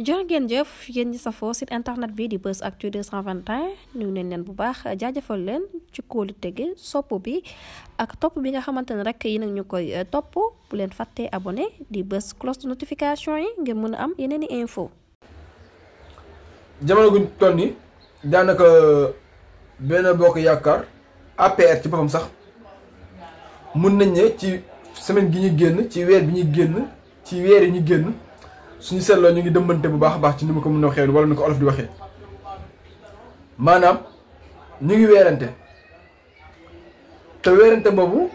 jërë ngeen jëf yéen ñi safoo site internet bi di bës Actu 221 ñu neen leen bu baax jaajafal leen ci kóolu tege sopp bi ak topp bi nga xamante ne rek yi nag ñu koy eh, topp bu leen fàttee abone di bës cloche de notification yi ngir mën a am yeneen i info jamono guñ toll ni daanaka eh, benn bokk yaakaar APR ci boppam sax mun nañ ne ci semaine gi ñu génn ci weer bi ñu génn ci weer yi ñu génn suñu seetloo ñu ngi dëmbante bu baax baax ci ni ma ko mën a waxee wala ni ko olof di waxee maanaam ñu ngi weerante te weerante boobu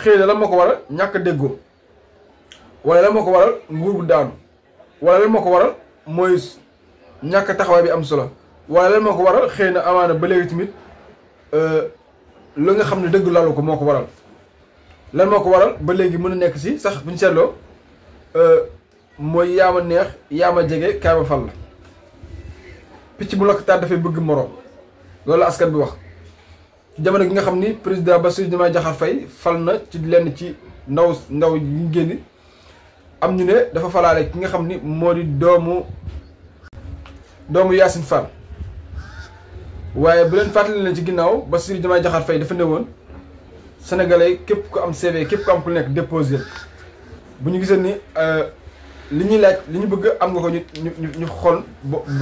xëy na la moo ko waral ñàkk déggoo wala la moo ko waral nguur daanu wala moo ko waral mooy ñàkk taxawaay bi am solo wala moo ko waral xëy na amaana ba léegi tamit euh, lu nga xam ne dëgg lalu ko moo ko waral lan moo ko waral ba léegi mën a nekk si sax buñ seetloo. Euh, mooy yaa a neex yaa ma jege kaay ma fal la picc bu lakk taat dafay bëgg moroom loolu askan bi wax jamono gi nga xam ni président Bassirou Diomaye Diakhar fay fal na ci lenn ci ndaw ndaw ñu génn am ñu ne dafa falaale ki nga xam ni moo di doomu doomu Yacine Fall waaye bu leen fàttali leen ci ginnaaw Bassirou Diomaye Diakhar fay dafa ne woon sénégalais képp ku am CV képp ku am ku nekk déposé bu ñu gisee ni euh, li ñuy laaj li ñu bëgg am nga ko ñu ñu ñu xool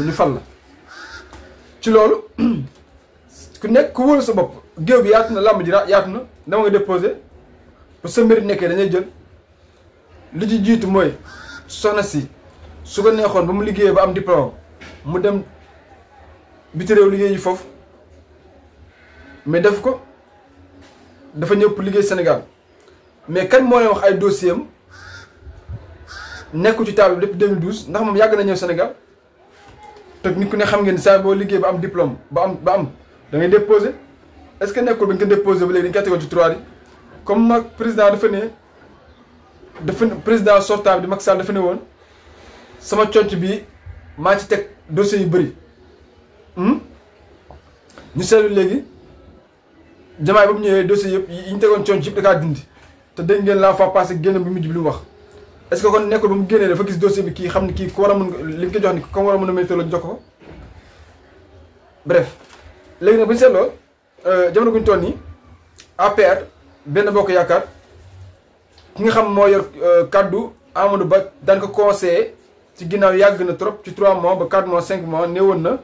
ñu fal la ci loolu ku nekk ku wóolu sa bopp géew bi yaatu na làmb ji yaatu na dama nga déposé pour sa mérite nekkee dañuy jël li ci jiitu mooy soxna si su ko neexoon ba mu liggéeyee ba am diplôme mu dem biti réew liggéey yi foofu mais def ko dafa ñëpp liggéey Sénégal mais kan moo leen wax ay dossier nekku ci table depuis 2012 ndax moom yàgg na ñëw Sénégal te nit ku ne xam ngeen saa boo liggéey ba am diplôme ba am ba am da ngay déposé est ce que nekkul ba nga ko déposé ba léegi dañu koy tegoon ci tiroir yi comme mag président dafa ne dafa président sortant bi Macky Sall dafa ne woon sama conc bi maa ci teg dossiers yu bëri hmm? ñu seetlu léegi jamaay ba mu ñëwee dossier yëpp yi ñu tegoon conc yëpp da kaa dindi te dégg ngeen la fois passé génn bi lu wax. est-ce que kon nekkul ba mu génnee dafa gis dossier bi kii xam ne kii ku war a mën li ñu ko jox ni comme war a mën a météo lañ jox ko bref léegi nag bu ñu seetloo euh, jamono gu ñu toll nii APR benn bokk yaakaar ki nga xam moo yor euh, kaddu Amadou Ba daan ko conseillé ci ginnaaw yàgg na trop ci 3 mois ba 4 mois 5 mois néewoon na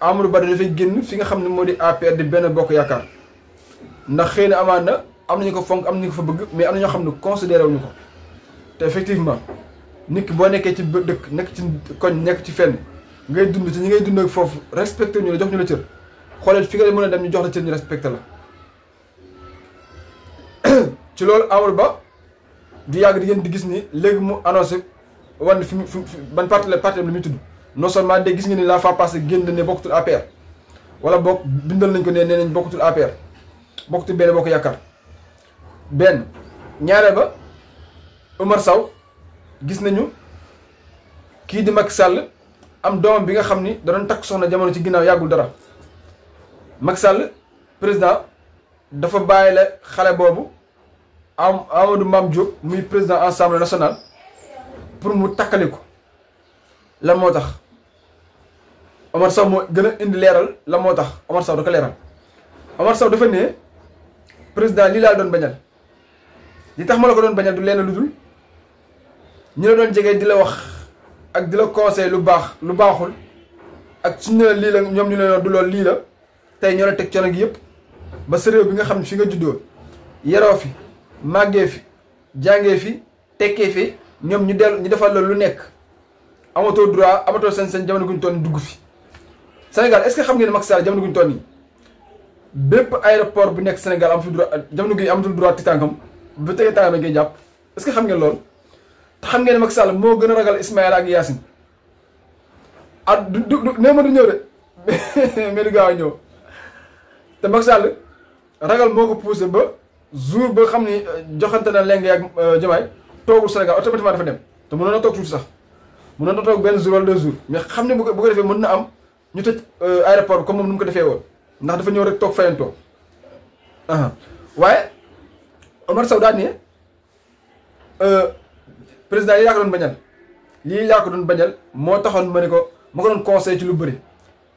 Amadou Ba dafay génn fi nga xam ne moo di APR di benn bokk yaakaar ndax xëy na amaan na am nañu ko fonk am nañu ko fa bëgg mais am na ñoo xam ne considéré wuñu ko. te effectivement nit ki boo nekkee ci dëkk nekk ci koñ nekk ci fenn ngay dund ci ñi ngay dund ak foofu respecté ñu la jox ñu la cër xoolal fi nga mën a dem ñu jox la cër ñu respecté la. ci loolu Amadou Ba du yàgg di ngeen di gis ni léegi mu annoncé wan fi mu ban parti la parti am la muy tudd non seulement de gis nga ni la fa passé génn ne bokkutul APR wala bokk bindal nañ ko ne nee nañ bokkutul APR bokkutul benn bokk yaakaar benn ñaareel ba. Umar saw gis nañu kii di Macky sàll am doomam bi nga xam ni da doon takk soxna jamono ci ginnaaw yàggul dara Macky sàll président dafa bàyyi xale boobu am Amadou Mame Diop muy président assemblée nationale pour mu takkaliku ko lan moo tax Omar Sow moo gën a indi leeral la moo tax Omar Sow da ko leeral Omar Sow dafa ne président lii laal doon bañal li tax ma la ko doon bañal du leen lu dul ñu la doon jege di la wax ak di la conseil lu baax lu baaxul ak suñ ne lii la ñoom ñu ne du loolu lii la tey ñoo la teg coono gi yëpp ba sa bi nga xam ne fi nga juddoo yaroo fi màggee fi jàngee fi tekkee fi ñoom ñu del ñu defal la lu nekk amatoo droit amatoo seen sañ jamono guñ toll dugg fi Sénégal est-ce xam ngeen Macky Sall jamono guñ toll nii bépp aéroport bu nekk Sénégal am fi droit jamono gi amatul droit ci tànkam bu tegee tànkam ngay jàpp est que xam ngeen loolu. te xam ngeen Macky Sall moo gën a ragal Ismaïla ak Yacine ah du du nee ma du ñëw de mais du gaaw a te Macky Sall ragal moo ko poussé ba jour ba xam ni euh, joxante na leng ak euh, Diomaye toogul Sénégal automatiquement dafa dem te mënoon na toog tuuti sax mënoon na toog benn jour wala deux jours mais xam ne bu ko bu ko defee mën na am ñu tëj euh, aéroport bi comme moom nu mu ko defee woon ndax dafa ñëw rek toog fayantoo waaye Omar Sow daal ne président yi laa ko doon bañal lii laa ko doon bañal moo taxoon ma ne ko ma ko doon conseil ci lu bëri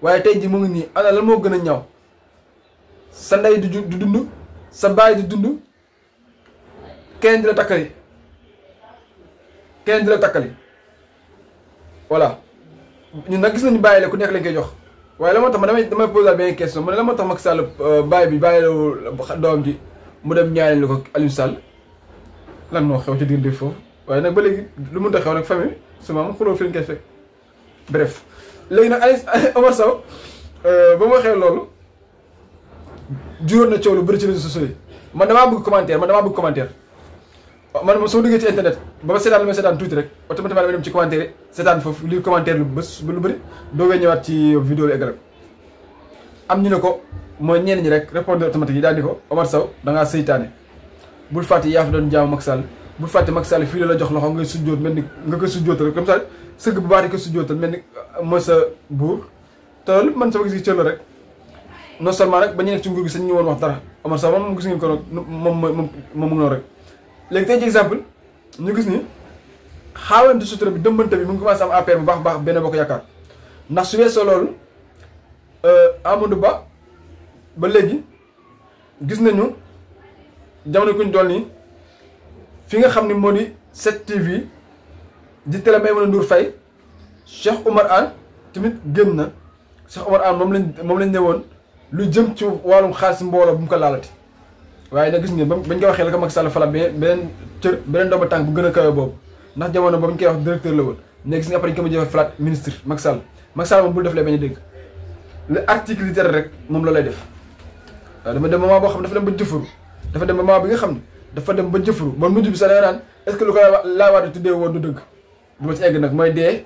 waaye tey ji mu ngi nii ana lan moo gën a ñaaw sa ndey du du dund sa baay di dund kenn di la takkali kenn la takkali voilà ñun nag gis nañu bàyyi la ku nekk lañ koy jox waaye la moo tax ma damay damay a benn question ma ne la moo tax Macky Sall euh, bàyyi bi bàyyi la doom ji mu dem ñaanal ko Aliou lan moo xew ci diggante foofu. waaye nag ba léegi lu mënta xew rek famille su ma am xuloo fi ñu fekk bref léegi nag ay Omar Sow euh, ba mu waxee loolu juróon na coow lu bëri ci réseaux sociaux yi man damaa bëgg commentaire man damaa bëgg commentaire man moom soo duggee ci internet ba ma seetaan li ma seetaan tuuti rek automatiquement dama dem ci commentaire seetaan foofu lii commentaire lu bës lu bëri doogee ñëwaat ci vidéo bi eggalag am ñu ne ko mooy ñenn ñi rek répondeur automatique yi daal di ko Omar Sow da ngaa seytaane bul fàtte yaa doon jaamu Macky bu fàtte Macky Sall fii la la jox loxo nga sujjóot mel ni nga ko sujjóotal comme ça sëgg bu baax di ko sujjóotal mel ni euh, mooy sa buur te lépp man sama gis cër la rek non seulement ba ñu nekk ci sañ ñu woon wax dara Omar Sow gis ngeen ko noonu moom moom moom mu ngi rek. léegi tey ci exemple ñu gis ni xaawante sutura bi dëmbante bi mu ngi commencé am APR bu baax baax benn bokk yaakaar ndax su weesoo loolu euh, Amadou Ba ba léegi gis nañu jamono kuñ dool nii. fi nga xam ni moo ni 7TV di télé Maïmouna Ndour fay Cheikh Oumar Anne tamit génn na Cheikh Oumar Anne moom lañ moom lañ ne woon lu jëm ci wàllum xaalis mbooloo bu mu ko laalati waaye nag gis ngeen ba bañ koy waxee la ko Macky Sall fala beneen cër beneen doomu tànk bu gën a kawe boobu ndax jamono ba ñu koy wax direkteur la woon ne gis nga après ñu ko ma falaat ministre Macky Sall Macky Sall moom bul def lay bañ a dégg le article yi rek moom la lay def waaw dama dem moment boo xam dafa dem ba jëfaru dafa dem moment bi nga xam ne dafa dem ba jëfru ba mujj bi sax day naan est-ce que lu ko Laay Wàdd tuddee woon du dëgg du ma ci egg nag mooy dee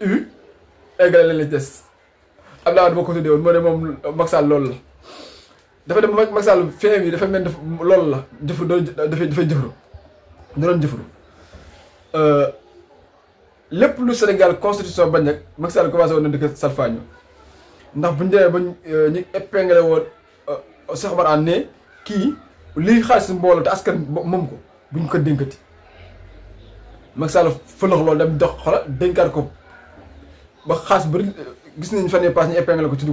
u eggale la lañ des am laa Wàdd moo ko tuddee woon moo ne moom Macky loolu la dafa dem ba Macky Sall dafa mel def loolu la jëfru doon dafay dafay jëfru da doon euh, lépp lu Sénégal constitution bañ nag Macky Sall commencé woon na di ko ndax bu ñu demee ba ñu euh, épinglé woon euh, Cheikh Omar Anne kii lii xaalis mbooloo te askan moom ko buñ ko dénkati Macky Sall fëlax loolu dem dox xola dénkaat ko ba xaas bëri gis nañ fan yii paas ñu épingle ko ci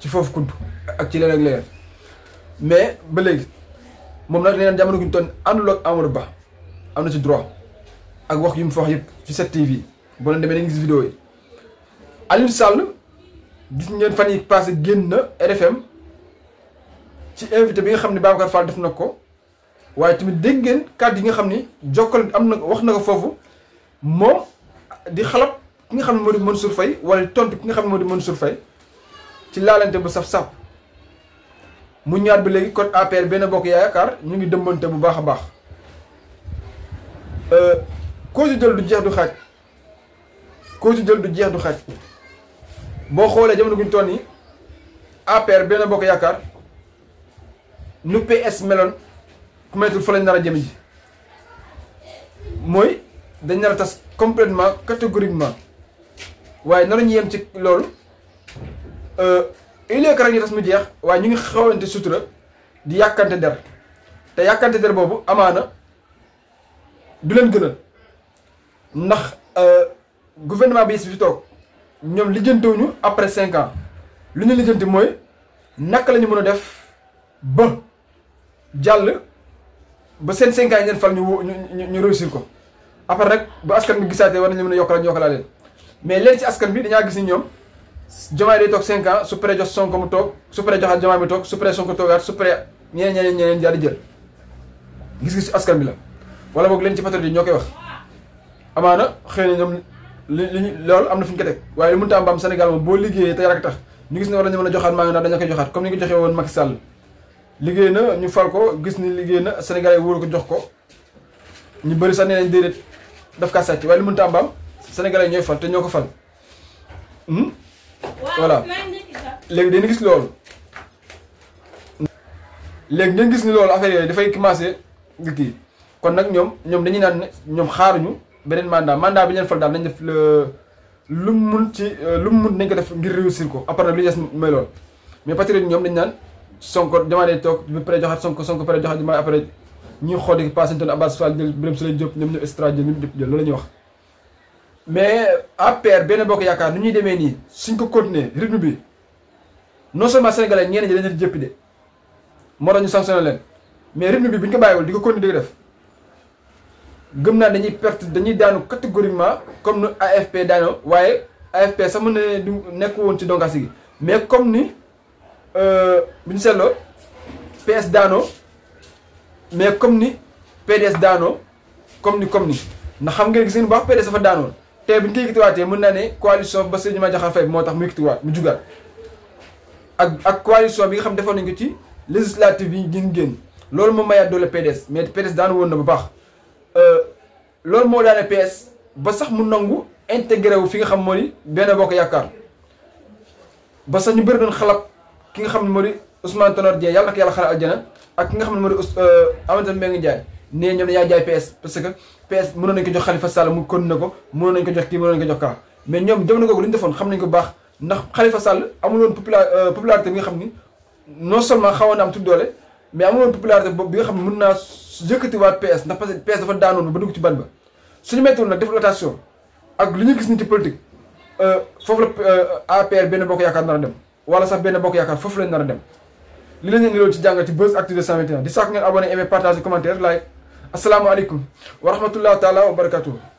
ci foofu kunt ci leneen ba léegi moom nag nee jamono guñ toon àndul ak Amadou Ba am na ci droit ak wax yu mu fa wax yëpp ci 7TV boo leen demee dañuy gis vidéo yi Aliou Sall gis ngeen fan yi passé génn na RFM. ci invité bi nga xam ne Babacar Fall def na ko waaye tamit dégg ngeen kàddu yi nga xam ni jokkal am na wax na ko foofu moom di xalab ki nga xam ne moo di Mansour Faye wala tontu ki nga xam ne moo di Mansour Faye ci laalante bu saf-saf mu ñaar bi léegi kon APR benn bokk yaakaar ñu ngi dëmbante bu baax a baax koo euh, si jël du jeex du xaaj koo si jël du jeex du xaaj boo xoolee jamono guñu ton yi APR benn bokk yaakaar nu PS meloon ku mettul fa lañ nar a jëm ji mooy dañ nar a tas complètement catégoriquement waaye ñu yem ci loolu euh, il est que ñu tas mu jeex waaye ñu ngi xawante sutura di yàkkante der te yàkkante der boobu amaana du leen gënal ndax euh, gouvernement bi fi toog ñoom lijjantewuñu après cinq ans lu ñu lijjanti mooy naka lañu mën a def ba. jàll ba seen cinq ans yi ngeen fal ñu ñu ñu réussir ko après rek bu askan bi gisaatee war nañu mën a yokkal ñu yokkalaa leen mais leen ci askan bi dañaa gis ñoom Diomaye day toog cinq su paree jox Sonko mu toog su paree joxaat Diomaye mu toog su paree Sonko toogaat su paree ñeneen ñeneen ñeneen daal jël gis-gis askan bi la wala boog leen ci patriote yi ñoo koy wax amaana xëy na ñoom li li loolu am na ñu ko teg waaye lu ñu gis a joxaat maa ngi naan dañoo koy joxaat comme ni ñu ko joxee woon liggéey na ñu fal ko gis ni liggéey na Sénégalais wóolu ko jox ko ñu bëri sax nee nañ déedéet daf ka sàcc waaye li mënta am Sénégalais ñooy fal te ñoo ko fal. Hmm? voilà léegi dañu gis loolu. léegi ngeen gis ni loolu affaire yooyu dafay commencé di kii kon nag ñoom ñoom dañu naan ne ñoom xaaruñu beneen mandat mandat bi ñu leen fal daal nañ def lu mu mun ci lu mu mun nañ ko def ngir réussir ko après lu ñu des mooy loolu mais patriote ñoom dañ naan. Sonko Diomaye day toog ba pare joxaat Sonko Sonko pare joxaat Diomaye après ñuy xool di passé toon Abbas Fall jël wax. mais APR benn bokk yaakaar nu ñuy demee nii suñ ko continuer rythme bi non seulement sénégalais ñeneen ñi dañu leen jëppi de moo tax ñu sanctionné mais rythme bi bu ñu ko bàyyiwul di ko continuer di def gëm naa dañuy perte dañuy daanu catégoriquement comme nu AFP daanoo waaye AFP sax mën na nekk woon ci donkaas gi mais comme ni. Euh, bu ñu seetloo PS daanoo mais comme ni PDS daanoo comme ni comme ni ndax xam nga ngeen gis ngeen baax PDS dafa daanoon te bi ñu koy yëkkatiwaatee mën naa ne coalition ba sëñ ma jaxal fay moo tax mu yëkkatiwaat mu jugaat ak ak coalition bi nga xam defoon nañu ko ci législative yi ñu génn loolu moo mayaat doole PDS mais PDS daan woon na bu baax euh, loolu moo daane PS ba sax mu nangu intégré wu fi nga xam moo ni benn bokk yaakaar ba sax ñu bëri doon xalab ki nga xam ne moo di Ousmane Tanor Dieng yàlla na ko yàlla xaral aljana ak ki nga xam ne moo di euh, Aminata Mbengue Ndiaye nee ñoom dañaa jaay PS parce que PS mënoon nañu ko jox Khalifa Sall mu kon na ko mënoon nañu ko jox kii mënoon nañu ko jox kaa mais ñoom jamono googu li ñu defoon xam nañu ko baax ndax Khalifa Sall amuloon popula euh, popularité bi nga xam ni non seulement xawoon na am tudd doole mais amuloon popularité boobu bi nga xam ne mën naa yëkkatiwaat PS ndax parce que PS dafa daanoon ba dugg ci ban ba suñu mettul nag def rotation ak li ñu gis ni ci politique euh, foofu la APR benn boo ko yaakaar naa dem wala sax benn bokk yaakaar foofu lañ nar a dem li la ñu indi loon ci jàngat ci Buzz Actu 221 di sàkk ngeen abonné aimé partage commentaire like asalaamualeykum wa rahmatulah taala wa barakatuh